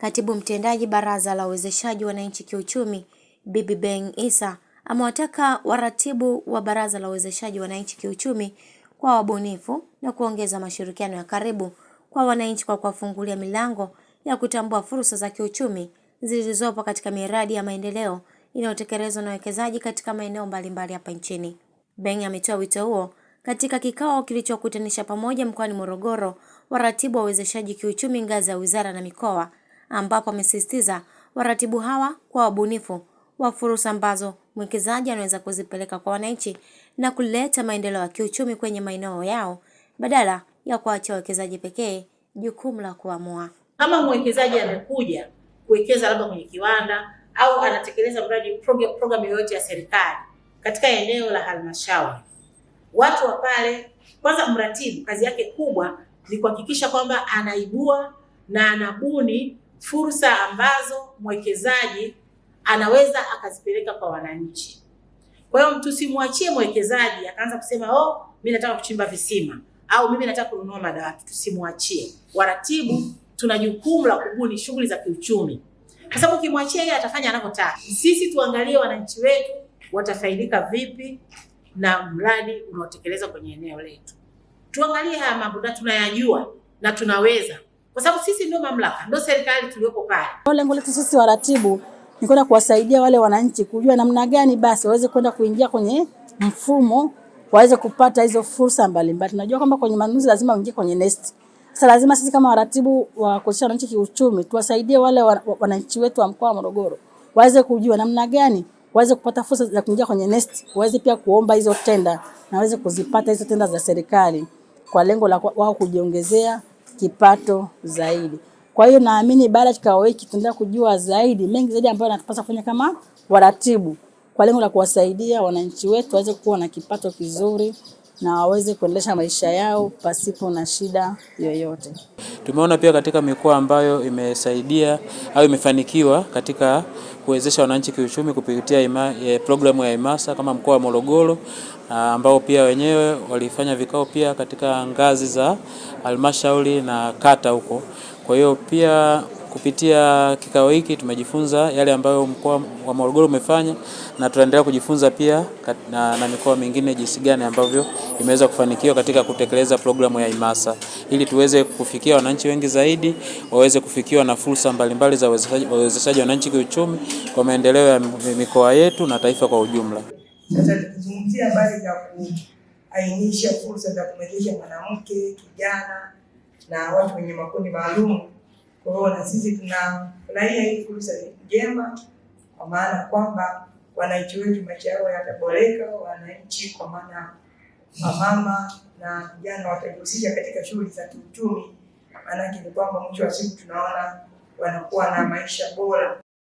Katibu mtendaji Baraza la Uwezeshaji Wananchi Kiuchumi, Bibi Beng isa amewataka waratibu wa Baraza la Uwezeshaji Wananchi Kiuchumi kwa wabunifu na kuongeza mashirikiano ya karibu kwa wananchi kwa kuwafungulia milango ya kutambua fursa za kiuchumi zilizopo katika miradi ya maendeleo inayotekelezwa na wawekezaji katika maeneo mbalimbali hapa nchini. Beng ametoa wito huo katika kikao kilichokutanisha pamoja mkoani Morogoro waratibu wa uwezeshaji kiuchumi ngazi ya wizara na mikoa ambapo amesisitiza waratibu hawa kwa wabunifu wa fursa ambazo mwekezaji anaweza kuzipeleka kwa wananchi na kuleta maendeleo ya kiuchumi kwenye maeneo yao badala ya kuacha wawekezaji pekee jukumu la kuamua. Kama mwekezaji amekuja kuwekeza labda kwenye kiwanda au anatekeleza mradi program, program yoyote ya serikali katika eneo la halmashauri, watu wa pale, kwanza mratibu kazi yake kubwa ni kuhakikisha kwamba anaibua na anabuni fursa ambazo mwekezaji anaweza akazipeleka kwa wananchi. Kwa hiyo tusimwachie mwekezaji akaanza kusema oh, mimi nataka kuchimba visima au mimi nataka kununua madawati. Tusimwachie. Waratibu tuna jukumu la kubuni shughuli za kiuchumi, kwa sababu ukimwachia yeye atafanya anavyotaka. Sisi tuangalie wananchi wetu watafaidika vipi na mradi unaotekelezwa kwenye eneo letu. Tuangalie haya mambo na tunayajua na tunaweza kwa sababu sisi ndio mamlaka, ndio serikali tuliyopo pale. Lengo letu sisi waratibu ni kwenda kuwasaidia wale wananchi kujua namna gani basi waweze kwenda kuingia kwenye mfumo waweze kupata hizo fursa mbalimbali. Tunajua kwamba kwenye manunuzi lazima uingie kwenye nest. Sasa lazima sisi kama waratibu wa kuhusisha wananchi kiuchumi tuwasaidie wale wananchi wetu wa mkoa wa Morogoro waweze kujua namna gani waweze kupata fursa za kuingia kwenye nest, waweze pia kuomba hizo tenda na waweze kuzipata hizo tenda za serikali kwa lengo la wao kujiongezea kipato zaidi. Kwa hiyo naamini baada ya kikao hiki tutaendelea kujua zaidi mengi zaidi ambayo natupasa kufanya kama waratibu kwa lengo la kuwasaidia wananchi wetu waweze kuwa na kipato kizuri na waweze kuendesha maisha yao pasipo na shida yoyote. Tumeona pia katika mikoa ambayo imesaidia au imefanikiwa katika kuwezesha wananchi kiuchumi kupitia ima, e, eh, programu ya imasa kama mkoa wa Morogoro ah, ambao pia wenyewe walifanya vikao pia katika ngazi za halmashauri na kata huko. Kwa hiyo pia Kupitia kikao hiki tumejifunza yale ambayo mkoa wa Morogoro umefanya na tutaendelea kujifunza pia na, na mikoa mingine jinsi gani ambavyo imeweza kufanikiwa katika kutekeleza programu ya IMASA ili tuweze kufikia wananchi wengi zaidi, waweze kufikiwa na fursa mbalimbali za uwezeshaji wananchi kiuchumi kwa maendeleo ya mikoa yetu na taifa kwa ujumla. Sasa tukizungumzia habari za kuainisha fursa za kumwezesha mwanamke, kijana na watu wenye makundi maalum kwa hiyo na sisi tunafurahia hii fursa njema, kwa maana kwamba wananchi wetu maisha yao yataboreka, wananchi kwa maana mamama na vijana watajihusisha katika shughuli za kiuchumi, maanake ni kwamba mwisho wa siku tunaona wanakuwa na maisha bora.